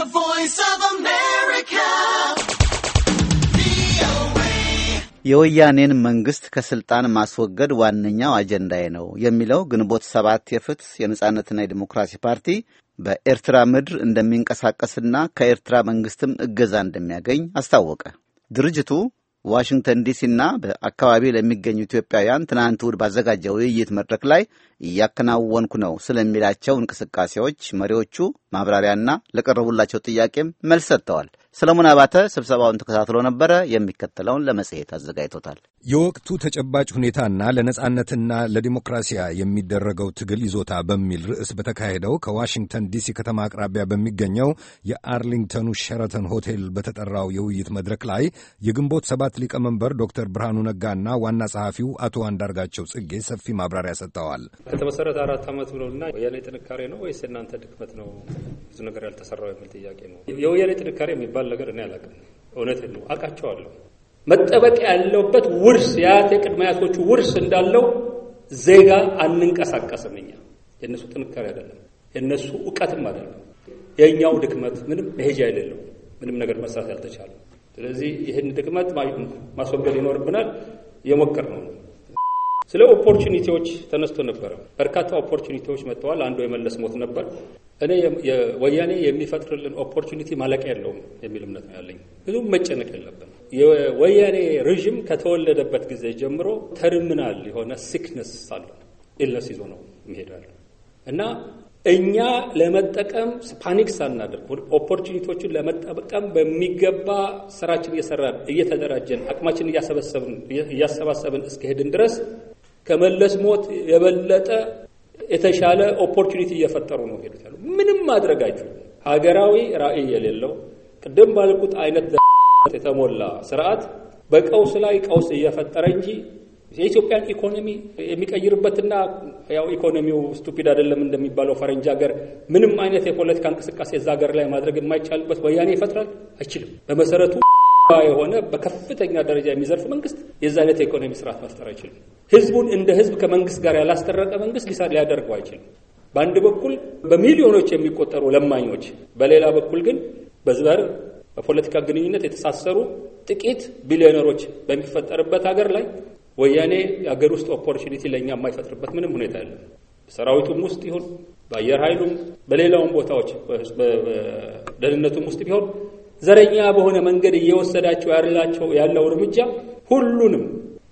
The Voice of America. የወያኔን መንግስት ከስልጣን ማስወገድ ዋነኛው አጀንዳዬ ነው የሚለው ግንቦት ሰባት የፍትህ የነጻነትና የዲሞክራሲ ፓርቲ በኤርትራ ምድር እንደሚንቀሳቀስና ከኤርትራ መንግስትም እገዛ እንደሚያገኝ አስታወቀ። ድርጅቱ ዋሽንግተን ዲሲና በአካባቢው ለሚገኙ ኢትዮጵያውያን ትናንት እሁድ ባዘጋጀው ውይይት መድረክ ላይ እያከናወንኩ ነው ስለሚላቸው እንቅስቃሴዎች መሪዎቹ ማብራሪያና ለቀረቡላቸው ጥያቄም መልስ ሰጥተዋል። ሰለሞን አባተ ስብሰባውን ተከታትሎ ነበረ። የሚከተለውን ለመጽሔት አዘጋጅቶታል። የወቅቱ ተጨባጭ ሁኔታና ለነጻነትና ለዲሞክራሲያ የሚደረገው ትግል ይዞታ በሚል ርዕስ በተካሄደው ከዋሽንግተን ዲሲ ከተማ አቅራቢያ በሚገኘው የአርሊንግተኑ ሸረተን ሆቴል በተጠራው የውይይት መድረክ ላይ የግንቦት ሰባት ሊቀመንበር ዶክተር ብርሃኑ ነጋና ዋና ጸሐፊው አቶ አንዳርጋቸው ጽጌ ሰፊ ማብራሪያ ሰጥተዋል። ከተመሰረተ አራት ዓመት ብለውና የኔ ጥንካሬ ነው ወይስ የእናንተ ድክመት ነው ብዙ ነገር ያልተሰራው የሚል ጥያቄ ነው። የወያኔ ጥንካሬ የሚባል የሚባል ነገር እኔ አላውቅም። እውነቴን ነው አውቃቸዋለሁ። መጠበቅ ያለበት ውርስ የአያቴ ቅድመ አያቶቹ ውርስ እንዳለው ዜጋ አንንቀሳቀስም። እኛ የእነሱ ጥንካሬ አይደለም፣ የእነሱ እውቀትም አይደለም። የእኛው ድክመት ምንም መሄጃ የሌለው ምንም ነገር መስራት ያልተቻለ። ስለዚህ ይህን ድክመት ማስወገድ ይኖርብናል። እየሞከር ነው ስለ ኦፖርቹኒቲዎች ተነስቶ ነበረ። በርካታ ኦፖርቹኒቲዎች መጥተዋል። አንዱ የመለስ ሞት ነበር። እኔ ወያኔ የሚፈጥርልን ኦፖርቹኒቲ ማለቂያ የለውም የሚል እምነት ነው ያለኝ። ብዙም መጨነቅ የለብን። የወያኔ ሬዥም ከተወለደበት ጊዜ ጀምሮ ተርሚናል የሆነ ሲክነስ አለ ኢልነስ ይዞ ነው ይሄዳል እና እኛ ለመጠቀም ፓኒክ ሳናደርግ ኦፖርቹኒቲዎችን ለመጠቀም በሚገባ ስራችን እየሰራን እየተደራጀን አቅማችን እያሰባሰብን እስከሄድን ድረስ ከመለስ ሞት የበለጠ የተሻለ ኦፖርቹኒቲ እየፈጠሩ ነው ሄዱት ያሉ ምንም ማድረጋችሁ ሀገራዊ ራዕይ የሌለው ቅድም ባልኩት አይነት የተሞላ ስርዓት በቀውስ ላይ ቀውስ እየፈጠረ እንጂ የኢትዮጵያን ኢኮኖሚ የሚቀይርበትና ያው ኢኮኖሚው ስቱፒድ አይደለም እንደሚባለው ፈረንጅ ሀገር ምንም አይነት የፖለቲካ እንቅስቃሴ እዛ ሀገር ላይ ማድረግ የማይቻልበት ወያኔ ይፈጥራል አይችልም። በመሰረቱ የሆነ በከፍተኛ ደረጃ የሚዘርፍ መንግስት የዛ አይነት የኢኮኖሚ ስርዓት መፍጠር አይችልም። ህዝቡን እንደ ህዝብ ከመንግስት ጋር ያላስጠረቀ መንግስት ሊያደርገው አይችልም። በአንድ በኩል በሚሊዮኖች የሚቆጠሩ ለማኞች፣ በሌላ በኩል ግን በዘር በፖለቲካ ግንኙነት የተሳሰሩ ጥቂት ቢሊዮነሮች በሚፈጠርበት ሀገር ላይ ወያኔ የሀገር ውስጥ ኦፖርቹኒቲ ለእኛ የማይፈጥርበት ምንም ሁኔታ የለም። በሰራዊቱም ውስጥ ይሁን በአየር ኃይሉም በሌላውም ቦታዎች በደህንነቱም ውስጥ ቢሆን ዘረኛ በሆነ መንገድ እየወሰዳቸው ያላቸው ያለው እርምጃ ሁሉንም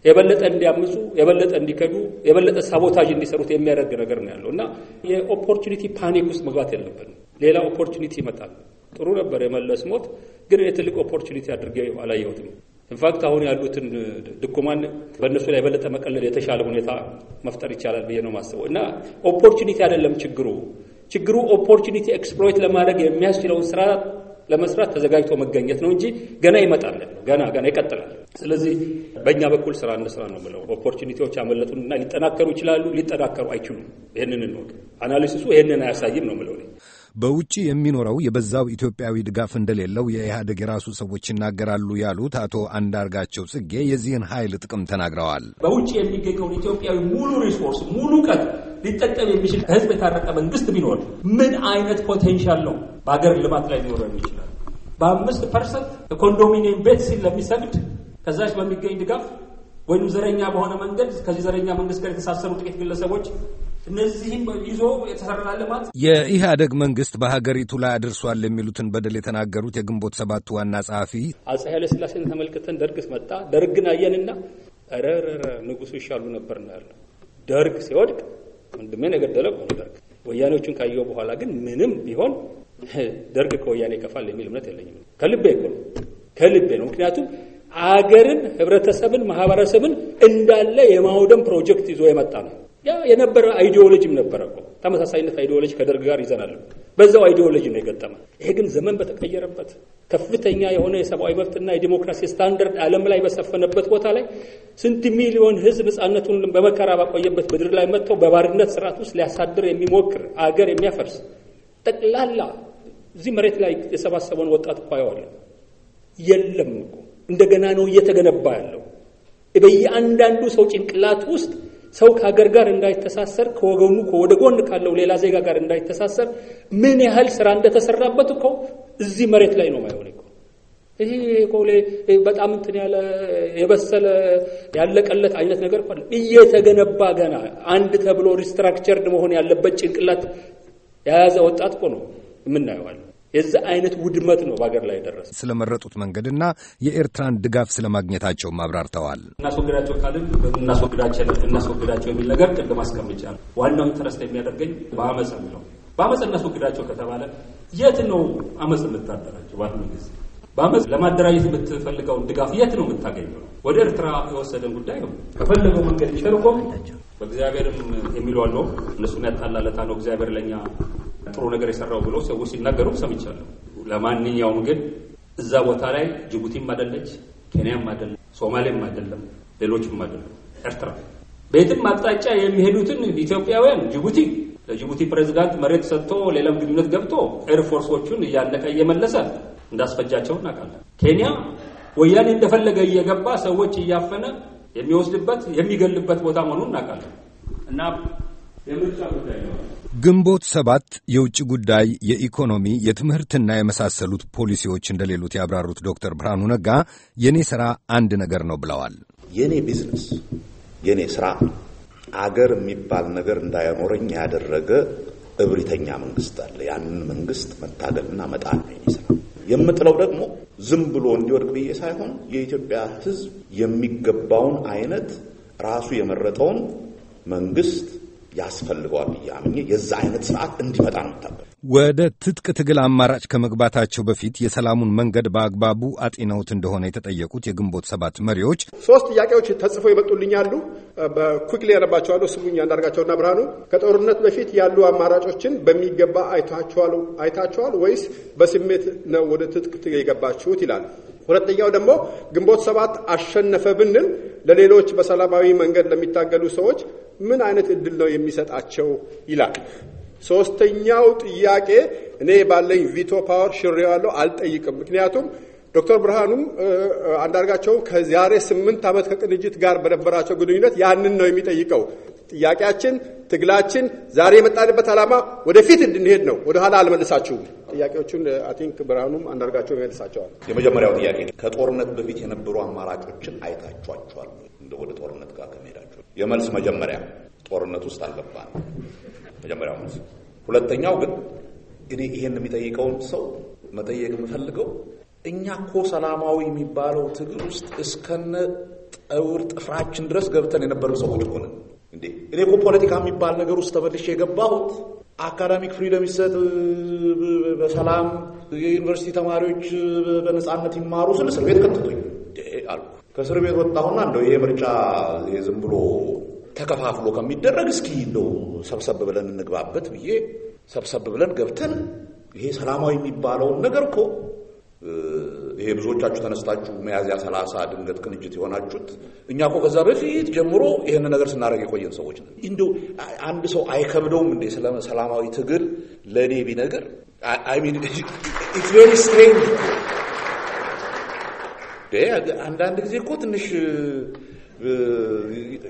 የበለጠ እንዲያምፁ፣ የበለጠ እንዲከዱ፣ የበለጠ ሳቦታጅ እንዲሰሩት የሚያደርግ ነገር ነው ያለው እና የኦፖርቹኒቲ ፓኒክ ውስጥ መግባት የለብንም። ሌላ ኦፖርቹኒቲ ይመጣል። ጥሩ ነበር የመለስ ሞት፣ ግን የትልቅ ኦፖርቹኒቲ አድርጌ አላየሁትም። ኢንፋክት አሁን ያሉትን ድኩማን በእነሱ ላይ የበለጠ መቀለል የተሻለ ሁኔታ መፍጠር ይቻላል ብዬ ነው የማስበው እና ኦፖርቹኒቲ አይደለም ችግሩ ችግሩ ኦፖርቹኒቲ ኤክስፕሎይት ለማድረግ የሚያስችለውን ስራ ለመስራት ተዘጋጅቶ መገኘት ነው እንጂ ገና ይመጣለን ገና ገና ይቀጥላል። ስለዚህ በእኛ በኩል ስራ እንደ ስራ ነው ብለው ኦፖርቹኒቲዎች ያመለጡንና ሊጠናከሩ ይችላሉ፣ ሊጠናከሩ አይችሉም። ይህንን እንወቅ። አናሊሲሱ ይህንን አያሳይም ነው ብለው በውጭ የሚኖረው የበዛው ኢትዮጵያዊ ድጋፍ እንደሌለው የኢህአደግ የራሱ ሰዎች ይናገራሉ ያሉት አቶ አንዳርጋቸው ጽጌ የዚህን ኃይል ጥቅም ተናግረዋል። በውጭ የሚገኘውን ኢትዮጵያዊ ሙሉ ሪሶርስ ሙሉ ቀት ሊጠቀም የሚችል ከህዝብ የታረቀ መንግስት ቢኖር ምን አይነት ፖቴንሻል ነው በሀገር ልማት ላይ ሊኖረ ይችላል? በአምስት ፐርሰንት የኮንዶሚኒየም ቤት ሲል ለሚሰግድ ከዛች በሚገኝ ድጋፍ ወይም ዘረኛ በሆነ መንገድ ከዚህ ዘረኛ መንግስት ጋር የተሳሰሩ ጥቂት ግለሰቦች እነዚህም ይዞ የተሰራ ልማት የኢህአደግ መንግስት በሀገሪቱ ላይ አድርሷል የሚሉትን በደል የተናገሩት የግንቦት ሰባቱ ዋና ጸሐፊ አጼ ኃይለስላሴን ተመልክተን ደርግ መጣ፣ ደርግን አየንና ረረረ ንጉሱ ይሻሉ ነበር ያለ ደርግ ሲወድቅ ወንድሜን የገደለ ደርግ። ወያኔዎቹን ካየሁ በኋላ ግን ምንም ቢሆን ደርግ ከወያኔ ይከፋል የሚል እምነት የለኝም። ከልቤ እኮ ነው፣ ከልቤ ነው። ምክንያቱም አገርን፣ ህብረተሰብን፣ ማህበረሰብን እንዳለ የማውደም ፕሮጀክት ይዞ የመጣ ነው። ያ የነበረ አይዲዮሎጂም ነበረ እኮ ተመሳሳይነት አይዲዮሎጂ ከደርግ ጋር ይዘናል። በዛው አይዲዮሎጂ ነው የገጠመ። ይሄ ግን ዘመን በተቀየረበት ከፍተኛ የሆነ የሰብአዊ መብትና የዲሞክራሲ ስታንዳርድ ዓለም ላይ በሰፈነበት ቦታ ላይ ስንት ሚሊዮን ሕዝብ ሕፃነቱን በመከራ ባቆየበት ምድር ላይ መጥተው በባርነት ስርዓት ውስጥ ሊያሳድር የሚሞክር አገር የሚያፈርስ ጠቅላላ እዚህ መሬት ላይ የሰባሰበውን ወጣት እኮ የለም እኮ እንደገና ነው እየተገነባ ያለው በየአንዳንዱ ሰው ጭንቅላት ውስጥ ሰው ከሀገር ጋር እንዳይተሳሰር ከወገኑ ወደ ጎን ካለው ሌላ ዜጋ ጋር እንዳይተሳሰር ምን ያህል ስራ እንደተሰራበት እኮ እዚህ መሬት ላይ ነው ማየው እኮ ይሄ በጣም እንትን ያለ የበሰለ ያለቀለት አይነት ነገር እኮ እየተገነባ ገና አንድ ተብሎ ሪስትራክቸርድ መሆን ያለበት ጭንቅላት የያዘ ወጣት እኮ ነው የምናየዋል። የዛ አይነት ውድመት ነው በሀገር ላይ የደረሰ። ስለመረጡት መንገድና የኤርትራን ድጋፍ ስለማግኘታቸው አብራርተዋል። እናስወግዳቸው ካልን እናስወግዳቸው እናስወግዳቸው የሚል ነገር ቅድም አስቀምጫል። ዋናው ኢንተረስት የሚያደርገኝ በአመፅ የሚለው በአመፅ እናስወግዳቸው ከተባለ የት ነው አመፅ የምታደራቸው? ባሉ ጊዜ በአመፅ ለማደራጀት የምትፈልገውን ድጋፍ የት ነው የምታገኘው? ወደ ኤርትራ የወሰደን ጉዳይ ነው። ከፈለገው መንገድ ሸርቆ በእግዚአብሔርም የሚለዋል ነው እነሱን ያጣላለታ ነው። እግዚአብሔር ለእኛ ጥሩ ነገር የሰራው ብሎ ሰዎች ሲናገሩ ሰምቻለሁ። ለማንኛውም ግን እዛ ቦታ ላይ ጅቡቲም አይደለች፣ ኬንያም አይደለም፣ ሶማሌም አይደለም፣ ሌሎችም አይደለም፣ ኤርትራ በየትም አቅጣጫ የሚሄዱትን ኢትዮጵያውያን ጅቡቲ ለጅቡቲ ፕሬዚዳንት መሬት ሰጥቶ ሌላም ግንኙነት ገብቶ ኤርፎርሶቹን እያለቀ እየመለሰ እንዳስፈጃቸው እናውቃለን። ኬንያ ወያኔ እንደፈለገ እየገባ ሰዎች እያፈነ የሚወስድበት የሚገልበት ቦታ መሆኑን እናውቃለን። እና የምርጫ ጉዳይ ነው። ግንቦት ሰባት የውጭ ጉዳይ፣ የኢኮኖሚ፣ የትምህርትና የመሳሰሉት ፖሊሲዎች እንደሌሉት ያብራሩት ዶክተር ብርሃኑ ነጋ የእኔ ስራ አንድ ነገር ነው ብለዋል። የእኔ ቢዝነስ የእኔ ስራ አገር የሚባል ነገር እንዳይኖረኝ ያደረገ እብሪተኛ መንግስት አለ። ያንን መንግስት መታገልና መጣል ነው የእኔ ሥራ። የምጥለው ደግሞ ዝም ብሎ እንዲወድቅ ብዬ ሳይሆን የኢትዮጵያ ሕዝብ የሚገባውን አይነት ራሱ የመረጠውን መንግስት ያስፈልገዋል ብዬ አምኜ የዛ አይነት ስርዓት እንዲመጣ ነው ታበ ወደ ትጥቅ ትግል አማራጭ ከመግባታቸው በፊት የሰላሙን መንገድ በአግባቡ አጤነውት እንደሆነ የተጠየቁት የግንቦት ሰባት መሪዎች ሶስት ጥያቄዎች ተጽፈው ይመጡልኛሉ። በኩግል ያነባቸዋለሁ። ስሙኝ አንዳርጋቸውና ብርሃኑ፣ ከጦርነት በፊት ያሉ አማራጮችን በሚገባ አይታቸዋል ወይስ በስሜት ነው ወደ ትጥቅ ትግል የገባችሁት ይላል። ሁለተኛው ደግሞ ግንቦት ሰባት አሸነፈ ብንል ለሌሎች በሰላማዊ መንገድ ለሚታገሉ ሰዎች ምን አይነት እድል ነው የሚሰጣቸው ይላል። ሶስተኛው ጥያቄ እኔ ባለኝ ቪቶ ፓወር ሽሬዋለሁ፣ አልጠይቅም። ምክንያቱም ዶክተር ብርሃኑም አንዳርጋቸው ከዛሬ ስምንት ዓመት ከቅንጅት ጋር በነበራቸው ግንኙነት ያንን ነው የሚጠይቀው። ጥያቄያችን፣ ትግላችን፣ ዛሬ የመጣንበት ዓላማ ወደፊት እንድንሄድ ነው። ወደኋላ አልመልሳችሁም። ጥያቄዎቹን አቲንክ ብርሃኑም አንዳርጋቸው ይመልሳቸዋል። የመጀመሪያው ጥያቄ ከጦርነት በፊት የነበሩ አማራጮችን አይታችኋቸዋል? ወደ ጦርነት ጋር ከመሄዳ የመልስ መጀመሪያ ጦርነት ውስጥ አልገባን። መጀመሪያው መልስ። ሁለተኛው ግን እኔ ይሄን የሚጠይቀውን ሰው መጠየቅ የምፈልገው እኛ እኮ ሰላማዊ የሚባለው ትግል ውስጥ እስከነ ጠውር ጥፍራችን ድረስ ገብተን የነበርን ሰዎች ሆነን እንዴ! እኔ እኮ ፖለቲካ የሚባል ነገር ውስጥ ተመልሼ የገባሁት አካዳሚክ ፍሪደም ይሰጥ፣ በሰላም የዩኒቨርሲቲ ተማሪዎች በነፃነት ይማሩ ስል እስር ቤት ከተቶኝ ከእስር ቤት ወጣሁና እንደው ይሄ ምርጫ የዝም ብሎ ተከፋፍሎ ከሚደረግ እስኪ እንደው ሰብሰብ ብለን እንግባበት ብዬ ሰብሰብ ብለን ገብተን ይሄ ሰላማዊ የሚባለውን ነገር እኮ ይሄ ብዙዎቻችሁ ተነስታችሁ መያዝያ ሰላሳ ድንገት ቅንጅት የሆናችሁት እኛ እኮ ከዛ በፊት ጀምሮ ይህን ነገር ስናደርግ የቆየን ሰዎች ነን። እንዲሁ አንድ ሰው አይከብደውም እንዴ? ስለ ሰላማዊ ትግል ለእኔ ቢነገር አይ ሚን ኢትስ ቬሪ ስትሬንጅ አንዳንድ ጊዜ እኮ ትንሽ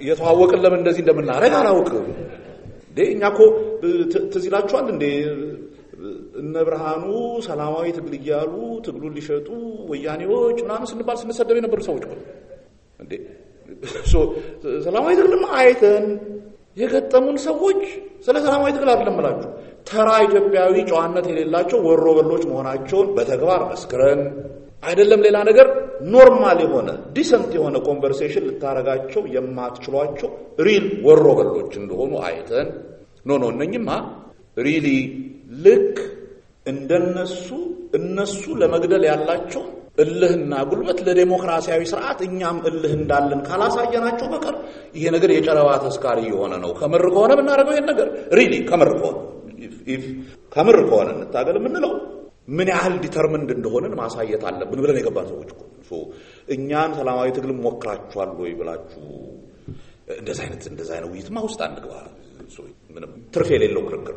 የተዋወቅን ለምን እንደዚህ እንደምናደርግ አላውቅም። እንዴ እኛ እኮ ትዝ ይላችኋል እንዴ እነ ብርሃኑ ሰላማዊ ትግል እያሉ ትግሉን ሊሸጡ ወያኔዎች ምናምን ስንባል ስንሰደብ የነበሩ ሰዎች እንዴ ሰላማዊ ትግልማ አይተን የገጠሙን ሰዎች ስለ ሰላማዊ ትግል አይደለም እላችሁ ተራ ኢትዮጵያዊ ጨዋነት የሌላቸው ወሮ በሎች መሆናቸውን በተግባር መስክረን አይደለም ሌላ ነገር ኖርማል የሆነ ዲሰንት የሆነ ኮንቨርሴሽን ልታረጋቸው የማትችሏቸው ሪል ወሮ በሎች እንደሆኑ አይተን ኖ ኖ እነኝማ ሪሊ ልክ እንደነሱ እነሱ ለመግደል ያላቸው እልህና ጉልበት ለዴሞክራሲያዊ ስርዓት እኛም እልህ እንዳለን ካላሳየናቸው በቀር ይሄ ነገር የጨረባ ተስካሪ የሆነ ነው። ከምር ከሆነ የምናደርገው ይሄን ነገር ሪሊ ከምር ከሆነ ከምር ከሆነ እንታገል የምንለው ምን ያህል ዲተርምንድ እንደሆነን ማሳየት አለብን ብለን የገባን ሰዎች እኮ እኛን ሰላማዊ ትግል ሞክራችኋል ወይ ብላችሁ እንደዚ አይነት እንደዚ አይነት ውይይትማ ውስጥ አንግባ። ምንም ትርፍ የሌለው ክርክር፣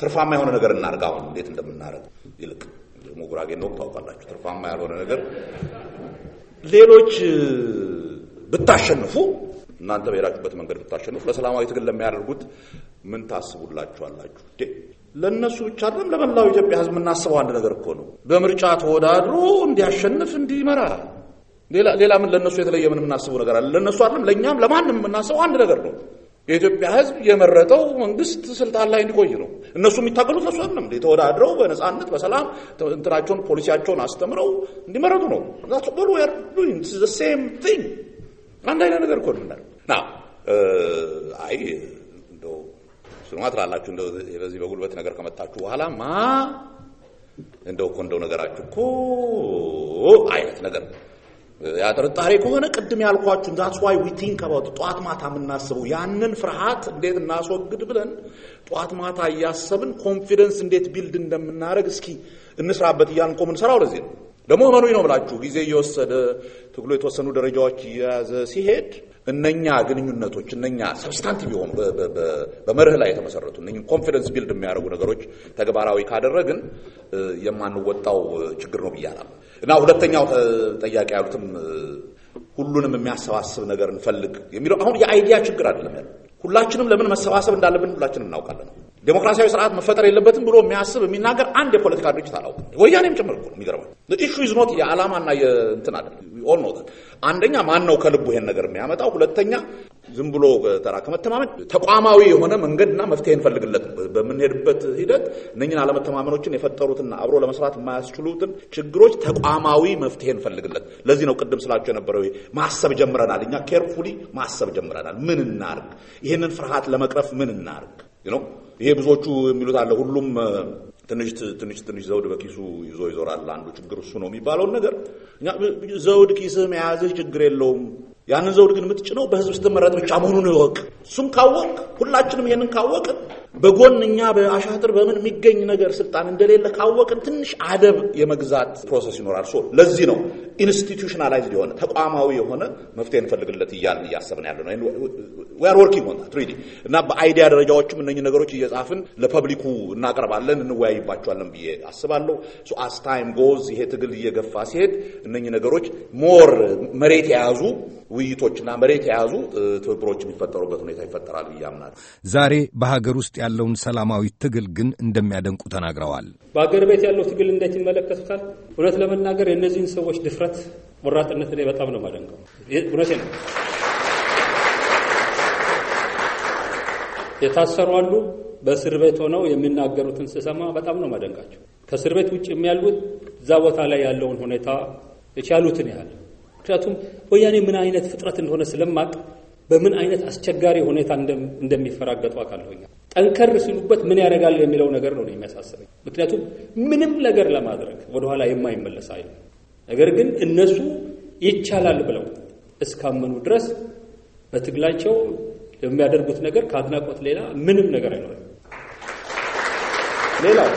ትርፋማ የሆነ ነገር እናድርግ። አሁን እንዴት እንደምናደርግ ይልቅ ደግሞ ጉራጌ ነው ታውቃላችሁ፣ ትርፋማ ያልሆነ ነገር ሌሎች ብታሸንፉ እናንተ በሄዳችሁበት መንገድ ብታሸንፉ ለሰላማዊ ትግል ለሚያደርጉት ምን ታስቡላችኋላችሁ? ለእነሱ ብቻ አይደለም ለመላው ኢትዮጵያ ህዝብ የምናስበው አንድ ነገር እኮ ነው። በምርጫ ተወዳድሮ እንዲያሸንፍ እንዲመራ፣ ሌላ ምን ለእነሱ የተለየ ምን የምናስበው ነገር አለ? ለእነሱ አይደለም ለእኛም ለማንም የምናስበው አንድ ነገር ነው። የኢትዮጵያ ህዝብ የመረጠው መንግስት ስልጣን ላይ እንዲቆይ ነው። እነሱ የሚታገሉት ለሱ አይደለም። ተወዳድረው በነጻነት በሰላም እንትናቸውን ፖሊሲያቸውን አስተምረው እንዲመረጡ ነው። ሴም ቲንግ አንድ አይነት ነገር እኮ ነው። አይ አትመልሱ ነው ትላላችሁ። እንደው በዚህ በጉልበት ነገር ከመጣችሁ በኋላ ማ እንደው እኮ እንደው ነገራችሁ እኮ አይነት ነገር ያ ጥርጣሬ ከሆነ ቅድም ያልኳችሁ ዳትስ ዋይ ዊ ቲንክ አባውት ጠዋት ማታ የምናስበው ያንን ፍርሃት እንዴት እናስወግድ ብለን ጠዋት ማታ እያሰብን ኮንፊደንስ እንዴት ቢልድ እንደምናደርግ እስኪ እንስራበት እያልን ቆምን። ለዚህ ነው። ደግሞ መኖ ነው ብላችሁ ጊዜ እየወሰደ ትግሎ የተወሰኑ ደረጃዎች እየያዘ ሲሄድ እነኛ ግንኙነቶች እነኛ ሰብስታንቲቭ የሆኑ በመርህ ላይ የተመሰረቱ እነ ኮንፊደንስ ቢልድ የሚያደርጉ ነገሮች ተግባራዊ ካደረግን የማንወጣው ችግር ነው ብያለሁ እና ሁለተኛው ጠያቂ ያሉትም ሁሉንም የሚያሰባስብ ነገር እንፈልግ የሚለው አሁን የአይዲያ ችግር አይደለም ያለ ሁላችንም ለምን መሰባሰብ እንዳለብን ሁላችንም እናውቃለን። ዴሞክራሲያዊ ስርዓት መፈጠር የለበትም ብሎ የሚያስብ የሚናገር አንድ የፖለቲካ ድርጅት አላውቅም። ወያኔም ጭምር እኮ ነው የሚገርመው። ኢሹ ኢዝ ኖት የዓላማና የእንትን አይደለም። ኦል ኖ አንደኛ ማን ነው ከልቡ ይሄን ነገር የሚያመጣው? ሁለተኛ ዝም ብሎ ተራ ከመተማመን ተቋማዊ የሆነ መንገድና መፍትሄ እንፈልግለት። በምንሄድበት ሂደት እነኝን አለመተማመኖችን የፈጠሩትና አብሮ ለመስራት የማያስችሉትን ችግሮች ተቋማዊ መፍትሄ እንፈልግለት። ለዚህ ነው ቅድም ስላቸው የነበረው ማሰብ ጀምረናል። እኛ ኬርፉሊ ማሰብ ጀምረናል። ምን እናርግ? ይህንን ፍርሃት ለመቅረፍ ምን እናርግ ነው። ይሄ ብዙዎቹ የሚሉት አለ ሁሉም ትንሽ ትንሽ ትንሽ ዘውድ በኪሱ ይዞ ይዞራል። አንዱ ችግር እሱ ነው የሚባለውን ነገር ዘውድ ኪስህ መያዝህ ችግር የለውም ያንን ዘውድ ግን የምትጭነው በህዝብ ስትመረጥ ብቻ መሆኑን ይወቅ እሱም ካወቅ ሁላችንም ይህንን ካወቅን በጎን እኛ በአሻጥር በምን የሚገኝ ነገር ስልጣን እንደሌለ ካወቅን ትንሽ አደብ የመግዛት ፕሮሰስ ይኖራል። ሶ ለዚህ ነው ኢንስቲቱሽናላይዝድ የሆነ ተቋማዊ የሆነ መፍትሄ እንፈልግለት እያልን እያሰብን ያለ ነው። ወርኪንግ ኦን ት እና በአይዲያ ደረጃዎችም እነ ነገሮች እየጻፍን ለፐብሊኩ እናቀርባለን፣ እንወያይባቸዋለን ብዬ አስባለሁ። ሶ አስ ታይም ጎዝ ይሄ ትግል እየገፋ ሲሄድ እነኚህ ነገሮች ሞር መሬት የያዙ ውይይቶችና መሬት የያዙ ትብብሮች የሚፈጠሩበት ሁኔታ ይፈጠራል ብዬ አምናለሁ። ዛሬ በሀገር ውስጥ ያለውን ሰላማዊ ትግል ግን እንደሚያደንቁ ተናግረዋል። በአገር ቤት ያለው ትግል እንዴት ይመለከቱታል? እውነት ለመናገር የእነዚህን ሰዎች ድፍረት፣ ሞራጥነት ላይ በጣም ነው የማደንቀው። እውነቴ ነው። የታሰሩ አሉ። በእስር ቤት ሆነው የሚናገሩትን ስሰማ በጣም ነው የማደንቃቸው። ከእስር ቤት ውጭ የሚያሉት እዛ ቦታ ላይ ያለውን ሁኔታ የቻሉትን ያህል ምክንያቱም ወያኔ ምን አይነት ፍጥረት እንደሆነ ስለማቅ በምን አይነት አስቸጋሪ ሁኔታ እንደሚፈራገጡ አውቃለሁ። ጠንከር ሲሉበት ምን ያደርጋል የሚለው ነገር ነው የሚያሳስበኝ። ምክንያቱም ምንም ነገር ለማድረግ ወደኋላ የማይመለስ አይ። ነገር ግን እነሱ ይቻላል ብለው እስካመኑ ድረስ በትግላቸው የሚያደርጉት ነገር ከአድናቆት ሌላ ምንም ነገር አይኖርም። ሌላው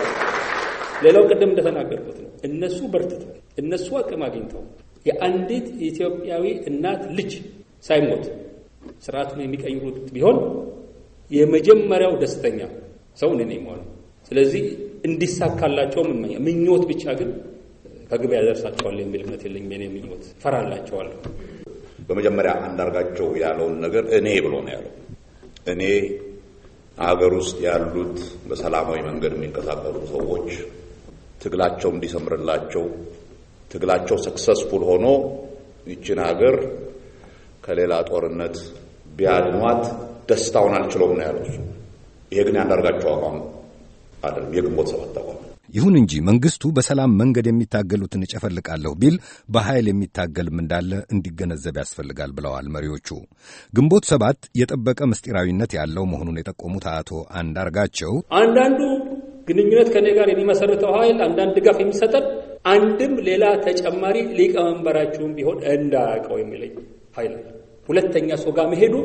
ሌላው ቅድም እንደተናገርኩት ነው። እነሱ በርትተው እነሱ አቅም አግኝተው የአንዲት ኢትዮጵያዊ እናት ልጅ ሳይሞት ስርዓቱን የሚቀይሩት ቢሆን የመጀመሪያው ደስተኛ ሰው እኔ ነኝ የምሆነው። ስለዚህ እንዲሳካላቸውም እመኛለሁ። ምኞት ብቻ ግን ከግብ ያደርሳቸዋል የሚል እምነት የለኝም። የእኔ ምኞት ፈራላቸዋለሁ። በመጀመሪያ አንዳርጋቸው ያለውን ነገር እኔ ብሎ ነው ያለው። እኔ አገር ውስጥ ያሉት በሰላማዊ መንገድ የሚንቀሳቀሱ ሰዎች ትግላቸው እንዲሰምርላቸው ትግላቸው ሰክሰስፉል ሆኖ ይችን ሀገር ከሌላ ጦርነት ቢያድኗት ደስታውን አልችለውም ነው ያለው። ይሄ ግን ያንዳርጋቸው አቋም አይደለም፣ የግንቦት ሰባት አቋም። ይሁን እንጂ መንግስቱ በሰላም መንገድ የሚታገሉትን እጨፈልቃለሁ ቢል በኃይል የሚታገልም እንዳለ እንዲገነዘብ ያስፈልጋል ብለዋል መሪዎቹ። ግንቦት ሰባት የጠበቀ ምስጢራዊነት ያለው መሆኑን የጠቆሙት አቶ አንዳርጋቸው አንዳንዱ ግንኙነት ከኔ ጋር የሚመሰርተው ኃይል አንዳንድ ድጋፍ የሚሰጠን አንድም ሌላ ተጨማሪ ሊቀመንበራችሁም ቢሆን እንዳያውቀው የሚለኝ ኃይል ሁለተኛ ሰው ጋር መሄዱ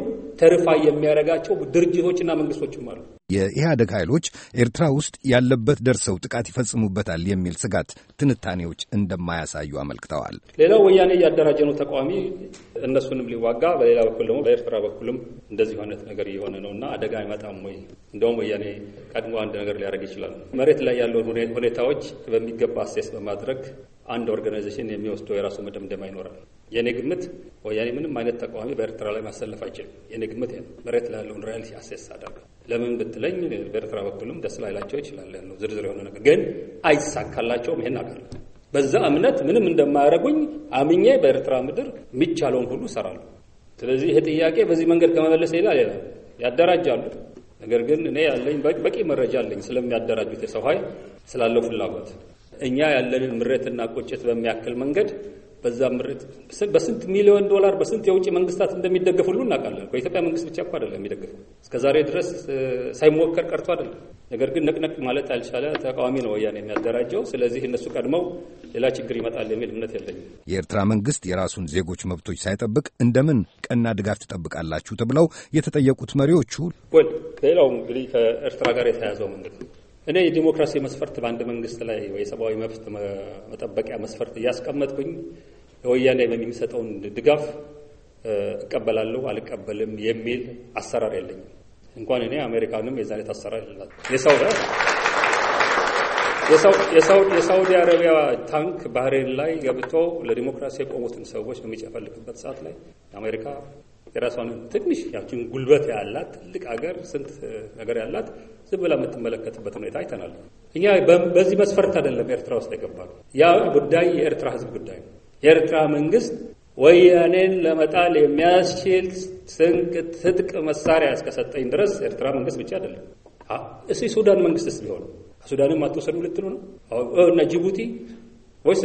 ተርፋ የሚያደርጋቸው ድርጅቶችና መንግስቶችም አሉ። የኢህአደግ ኃይሎች ኤርትራ ውስጥ ያለበት ደርሰው ጥቃት ይፈጽሙበታል የሚል ስጋት ትንታኔዎች እንደማያሳዩ አመልክተዋል። ሌላው ወያኔ እያደራጀ ነው ተቃዋሚ እነሱንም ሊዋጋ በሌላ በኩል ደግሞ በኤርትራ በኩልም እንደዚህ አይነት ነገር እየሆነ ነው እና አደጋ አይመጣም ወይ? እንደውም ወያኔ ቀድሞ አንድ ነገር ሊያደርግ ይችላል። መሬት ላይ ያለውን ሁኔታዎች በሚገባ አሴስ በማድረግ አንድ ኦርጋናይዜሽን የሚወስደው የራሱ መደምደማ ይኖራል። የኔ ግምት ወያኔ ምንም አይነት ተቃዋሚ በኤርትራ ላይ ማሰለፍ አይችልም። የኔ ግምት መሬት ላይ ያለውን አሴስ አደርገው ለምን ብትለኝ በኤርትራ በኩልም ደስ ላይላቸው ይችላል ያለው ዝርዝር የሆነ ነገር ግን አይሳካላቸውም። ይሄን አውቃለሁ። በዛ እምነት ምንም እንደማያደርጉኝ አምኜ በኤርትራ ምድር የሚቻለውን ሁሉ እሰራለሁ። ስለዚህ ይሄ ጥያቄ በዚህ መንገድ ከመመለስ ይላል ይላል ያደራጃሉ። ነገር ግን እኔ ያለኝ በቂ መረጃ አለኝ ስለሚያደራጁት የሰው ኃይል ስላለው ፍላጎት እኛ ያለንን ምሬትና ቁጭት በሚያክል መንገድ በዛ ምርት በስንት ሚሊዮን ዶላር በስንት የውጭ መንግስታት እንደሚደገፍ ሁሉ እናውቃለን። በኢትዮጵያ መንግስት ብቻ እኮ አይደለም የሚደገፈው እስከዛሬ ድረስ ሳይሞከር ቀርቶ አይደለም። ነገር ግን ነቅነቅ ማለት አልቻለ። ተቃዋሚ ነው ወያኔ የሚያደራጀው። ስለዚህ እነሱ ቀድመው ሌላ ችግር ይመጣል የሚል እምነት የለኝም። የኤርትራ መንግስት የራሱን ዜጎች መብቶች ሳይጠብቅ እንደምን ቀና ድጋፍ ትጠብቃላችሁ? ተብለው የተጠየቁት መሪዎቹ ሌላው እንግዲህ ከኤርትራ ጋር የተያያዘው መንገድ ነው እኔ የዲሞክራሲ መስፈርት በአንድ መንግስት ላይ ወይ ሰብአዊ መብት መጠበቂያ መስፈርት እያስቀመጥኩኝ ለወያኔ በሚሰጠውን ድጋፍ እቀበላለሁ አልቀበልም የሚል አሰራር የለኝም። እንኳን እኔ አሜሪካንም የዛኔት አሰራር ይላል። የሳውዲ አረቢያ ታንክ ባህሬን ላይ ገብቶ ለዲሞክራሲ የቆሙትን ሰዎች በሚጨፈልቅበት ሰዓት ላይ አሜሪካ የራሷን ትንሽ ያችን ጉልበት ያላት ትልቅ ሀገር ስንት ነገር ያላት ዝም ብላ የምትመለከትበት ሁኔታ አይተናል። እኛ በዚህ መስፈርት አይደለም ኤርትራ ውስጥ የገባል። ያ ጉዳይ የኤርትራ ህዝብ ጉዳይ ነው። የኤርትራ መንግስት ወያኔን ለመጣል የሚያስችል ስንቅ፣ ትጥቅ፣ መሳሪያ እስከሰጠኝ ድረስ ኤርትራ መንግስት ብቻ አይደለም። እስኪ ሱዳን መንግስትስ ቢሆን ሱዳንም አትወሰዱ ልትሉ ነው? እና ጅቡቲ ወይስ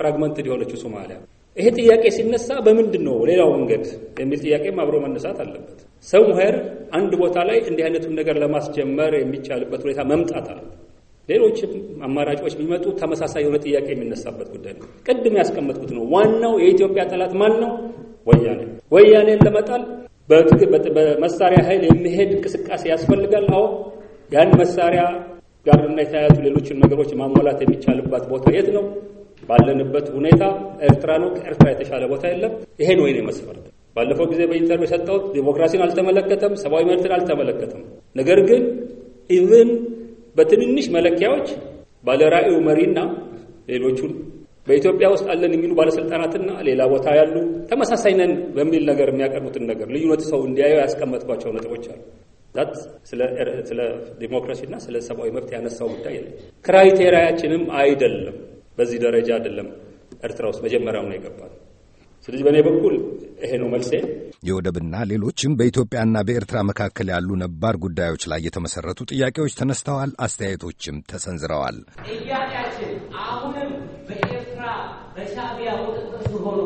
ፍራግመንት የሆነችው ሶማሊያ ይሄ ጥያቄ ሲነሳ በምንድን ነው ሌላው መንገድ የሚል ጥያቄም አብሮ መነሳት አለበት። ሰው ሄር አንድ ቦታ ላይ እንዲህ አይነቱን ነገር ለማስጀመር የሚቻልበት ሁኔታ መምጣት አለ። ሌሎችም አማራጮች ቢመጡ ተመሳሳይ የሆነ ጥያቄ የሚነሳበት ጉዳይ ነው። ቅድም ያስቀመጥኩት ነው። ዋናው የኢትዮጵያ ጠላት ማን ነው? ወያኔ። ወያኔን ለመጣል በመሳሪያ ኃይል የሚሄድ እንቅስቃሴ ያስፈልጋል። አዎ ያን መሳሪያ ጋርና የተያያዙ ሌሎችን ነገሮች ማሟላት የሚቻልባት ቦታ የት ነው? ባለንበት ሁኔታ ኤርትራ ነው፣ ከኤርትራ የተሻለ ቦታ የለም። ይሄን ወይኔ የኔ መስፈርት። ባለፈው ጊዜ በኢንተርቪው የሰጠሁት ዲሞክራሲን አልተመለከተም፣ ሰብአዊ መብትን አልተመለከተም። ነገር ግን ኢቭን በትንንሽ መለኪያዎች ባለራዕዩ መሪና ሌሎቹን በኢትዮጵያ ውስጥ አለን የሚሉ ባለስልጣናትና ሌላ ቦታ ያሉ ተመሳሳይ ነን በሚል ነገር የሚያቀርቡትን ነገር ልዩነት ሰው እንዲያየው ያስቀመጥኳቸው ነጥቦች አሉ። ዛት ስለ ዲሞክራሲና ስለ ሰብአዊ መብት ያነሳው ጉዳይ የለም። ክራይቴሪያችንም አይደለም በዚህ ደረጃ አይደለም ኤርትራ ውስጥ መጀመሪያው ነው የገባል። ስለዚህ በእኔ በኩል ይሄ ነው መልሴ። የወደብና ሌሎችም በኢትዮጵያና በኤርትራ መካከል ያሉ ነባር ጉዳዮች ላይ የተመሰረቱ ጥያቄዎች ተነስተዋል፣ አስተያየቶችም ተሰንዝረዋል። ጥያቄያችን አሁንም በኤርትራ በሻዕቢያ ቁጥጥር ስር ሆኖ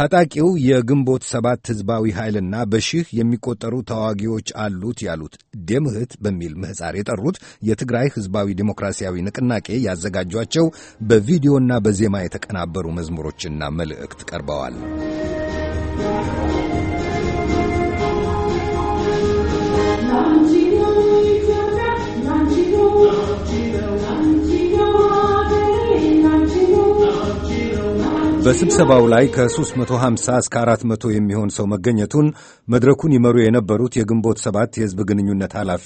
ታጣቂው የግንቦት ሰባት ሕዝባዊ ኃይልና በሺህ የሚቆጠሩ ተዋጊዎች አሉት ያሉት ደምህት በሚል ምህፃር የጠሩት የትግራይ ሕዝባዊ ዴሞክራሲያዊ ንቅናቄ ያዘጋጇቸው በቪዲዮና በዜማ የተቀናበሩ መዝሙሮችና መልእክት ቀርበዋል። በስብሰባው ላይ ከ350 እስከ 400 የሚሆን ሰው መገኘቱን መድረኩን ይመሩ የነበሩት የግንቦት ሰባት የሕዝብ ግንኙነት ኃላፊ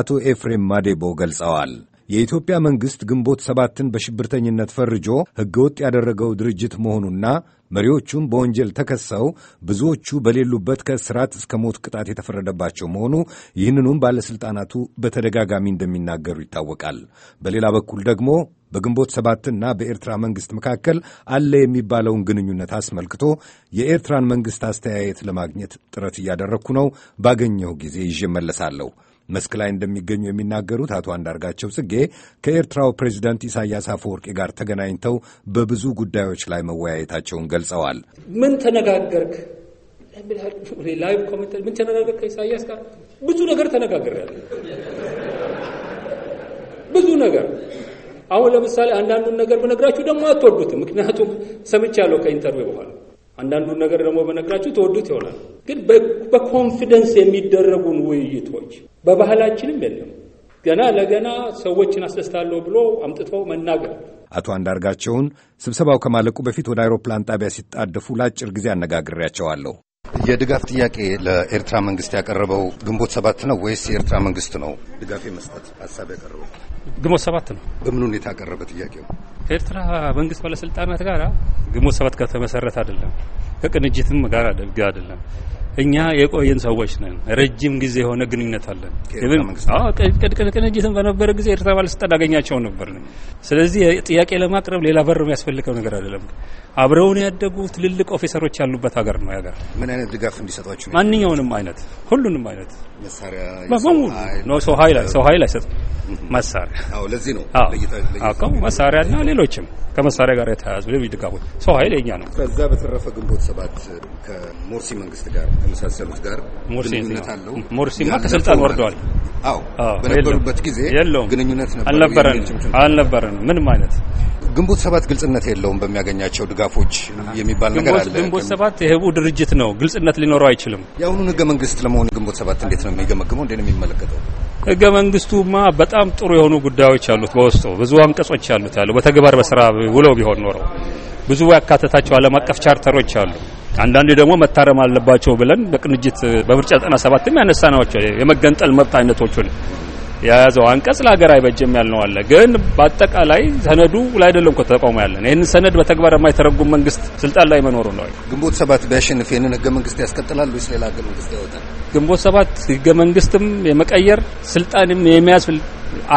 አቶ ኤፍሬም ማዴቦ ገልጸዋል። የኢትዮጵያ መንግሥት ግንቦት ሰባትን በሽብርተኝነት ፈርጆ ሕገወጥ ያደረገው ድርጅት መሆኑና መሪዎቹም በወንጀል ተከሰው ብዙዎቹ በሌሉበት ከእስራት እስከ ሞት ቅጣት የተፈረደባቸው መሆኑ ይህንኑም ባለሥልጣናቱ በተደጋጋሚ እንደሚናገሩ ይታወቃል። በሌላ በኩል ደግሞ በግንቦት ሰባትና በኤርትራ መንግሥት መካከል አለ የሚባለውን ግንኙነት አስመልክቶ የኤርትራን መንግሥት አስተያየት ለማግኘት ጥረት እያደረግኩ ነው። ባገኘው ጊዜ ይዤ መስክ ላይ እንደሚገኙ የሚናገሩት አቶ አንዳርጋቸው ጽጌ ከኤርትራው ፕሬዚዳንት ኢሳያስ አፈወርቂ ጋር ተገናኝተው በብዙ ጉዳዮች ላይ መወያየታቸውን ገልጸዋል። ምን ተነጋገርክ? ላይቭ ምን ተነጋገር ከኢሳያስ ጋር ብዙ ነገር ተነጋግሬያለሁ። ብዙ ነገር አሁን ለምሳሌ አንዳንዱን ነገር በነግራችሁ ደግሞ አትወዱትም። ምክንያቱም ሰምቻለሁ ከኢንተርቪው በኋላ አንዳንዱን ነገር ደግሞ በነግራችሁ ተወዱት ይሆናል። ግን በኮንፊደንስ የሚደረጉን ውይይቶች በባህላችንም የለም። ገና ለገና ሰዎችን አስደስታለሁ ብሎ አምጥተው መናገር። አቶ አንዳርጋቸውን ስብሰባው ከማለቁ በፊት ወደ አውሮፕላን ጣቢያ ሲጣደፉ ለአጭር ጊዜ አነጋግሬያቸዋለሁ። የድጋፍ ጥያቄ ለኤርትራ መንግስት ያቀረበው ግንቦት ሰባት ነው ወይስ የኤርትራ መንግስት ነው ድጋፍ የመስጠት ሀሳብ ያቀረበው? ግንቦት ሰባት ነው። በምን ሁኔታ ያቀረበ ጥያቄው? ከኤርትራ መንግስት ባለስልጣናት ጋር ግንቦት ሰባት ከተመሰረተ አይደለም፣ ከቅንጅትም ጋር አይደለም እኛ የቆየን ሰዎች ነን። ረጅም ጊዜ የሆነ ግንኙነት አለን። ቅንጅትም በነበረ ጊዜ ኤርትራ ባለስልጣን አገኛቸው ነበር። ስለዚህ ጥያቄ ለማቅረብ ሌላ በር የሚያስፈልገው ነገር አይደለም። አብረውን ያደጉ ትልልቅ ኦፊሰሮች ያሉበት ሀገር ነው። ያገር ምን አይነት ድጋፍ እንዲሰጧቸው ማንኛውንም አይነት ሁሉንም አይነት መሳሪያ በሙሉ ሰው ኃይል ሰው ኃይል አይሰጥም። መሳሪያ ለዚህ ነው መሳሪያ እና ሌሎችም ከመሳሪያ ጋር የተያያዙ ሌሎች ድጋፎች ሰው ኃይል የኛ ነው። ከዛ በተረፈ ግንቦት ሰባት ከሞርሲ መንግስት ጋር ከመሳሰሉት ጋር ግንኙነት አለው። ሞርሲማ ከስልጣን ወርደዋል። አዎ፣ በነበሩበት ጊዜ ግንኙነት ነበር አልነበረንም ምንም አይነት ግንቦት ሰባት ግልጽነት የለውም በሚያገኛቸው ድጋፎች የሚባል ነገር አለ። ግንቦት ሰባት የህቡ ድርጅት ነው፣ ግልጽነት ሊኖረው አይችልም። የአሁኑን ህገ መንግስት ለመሆኑ ግንቦት ሰባት እንዴት ነው የሚገመግመው? እንዴት ነው የሚመለከተው? ህገ መንግስቱማ በጣም ጥሩ የሆኑ ጉዳዮች አሉት፣ በውስጡ ብዙ አንቀጾች አሉት። ያለው በተግባር በስራ ውለው ቢሆን ኖረው ብዙ ያካተታቸው ዓለም አቀፍ ቻርተሮች አሉ። አንዳንዴ ደግሞ መታረም አለባቸው ብለን በቅንጅት በምርጫ 97 የሚያነሳናቸው የመገንጠል መብት አይነቶቹን የያዘው አንቀጽ ለሀገር አይበጀም ያልነው አለ። ግን በአጠቃላይ ሰነዱ ላይ አይደለም እኮ ተቃውሞ ያለን ይህንን ሰነድ በተግባር የማይተረጉም መንግስት ስልጣን ላይ መኖሩ ነው። ግንቦት ሰባት ቢያሸንፍ ይህንን ህገ መንግስት ያስቀጥላል ወይስ ሌላ ህገ መንግስት ያወጣል? ግንቦት ሰባት ህገ መንግስትም የመቀየር ስልጣንም የመያዝ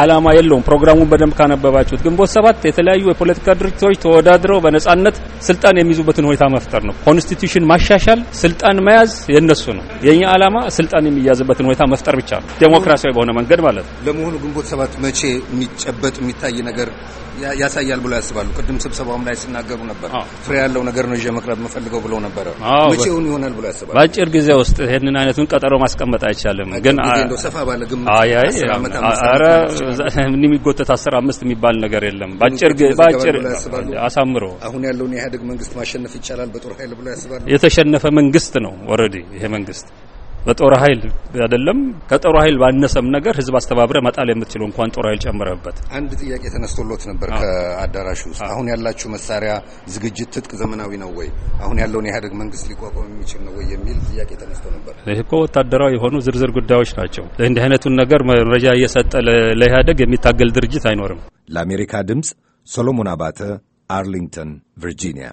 አላማ የለውም። ፕሮግራሙን በደንብ ካነበባችሁት ግንቦት ሰባት የተለያዩ የፖለቲካ ድርጅቶች ተወዳድረው በነጻነት ስልጣን የሚይዙበትን ሁኔታ መፍጠር ነው። ኮንስቲቱሽን ማሻሻል፣ ስልጣን መያዝ የነሱ ነው። የኛ አላማ ስልጣን የሚያዝበትን ሁኔታ መፍጠር ብቻ ነው፣ ዴሞክራሲያዊ በሆነ መንገድ ማለት ነው። ለመሆኑ ግንቦት ሰባት መቼ የሚጨበጥ የሚታይ ነገር ያሳያል ብሎ ያስባሉ? ቅድም ስብሰባውም ላይ ሲናገሩ ነበር። ፍሬ ያለው ነገር ነው ይዤ መቅረብ የምፈልገው ብለው ነበረ። መቼውን ይሆናል ብሎ ያስባሉ? በአጭር ጊዜ ውስጥ ይህንን አይነቱን ቀጠሮ ማስቀመጥ አይቻልም። ግን ሰፋ ባለ ግምት ምን የሚጎተት አስር አምስት የሚባል ነገር የለም። ባጭር ባጭር አሳምሮ አሁን ያለውን የኢህአዴግ መንግስት ማሸነፍ ይቻላል በጦር ኃይል ብሎ ያስባሉ። የተሸነፈ መንግስት ነው ኦልሬዲ ይሄ መንግስት በጦር ኃይል አይደለም ከጦር ኃይል ባነሰም ነገር ህዝብ አስተባብረ መጣል የምትችለው እንኳን ጦር ኃይል ጨምረበት አንድ ጥያቄ ተነስቶሎት ነበር ከአዳራሹ ውስጥ። አሁን ያላችሁ መሳሪያ ዝግጅት፣ ትጥቅ ዘመናዊ ነው ወይ? አሁን ያለውን የኢህአዴግ መንግስት ሊቋቋም የሚችል ነው ወይ የሚል ጥያቄ ተነስቶ ነበር። ይህ እኮ ወታደራዊ የሆኑ ዝርዝር ጉዳዮች ናቸው። እንዲህ አይነቱን ነገር መረጃ እየሰጠ ለኢህአዴግ የሚታገል ድርጅት አይኖርም። ለአሜሪካ ድምፅ ሶሎሞን አባተ አርሊንግተን ቨርጂኒያ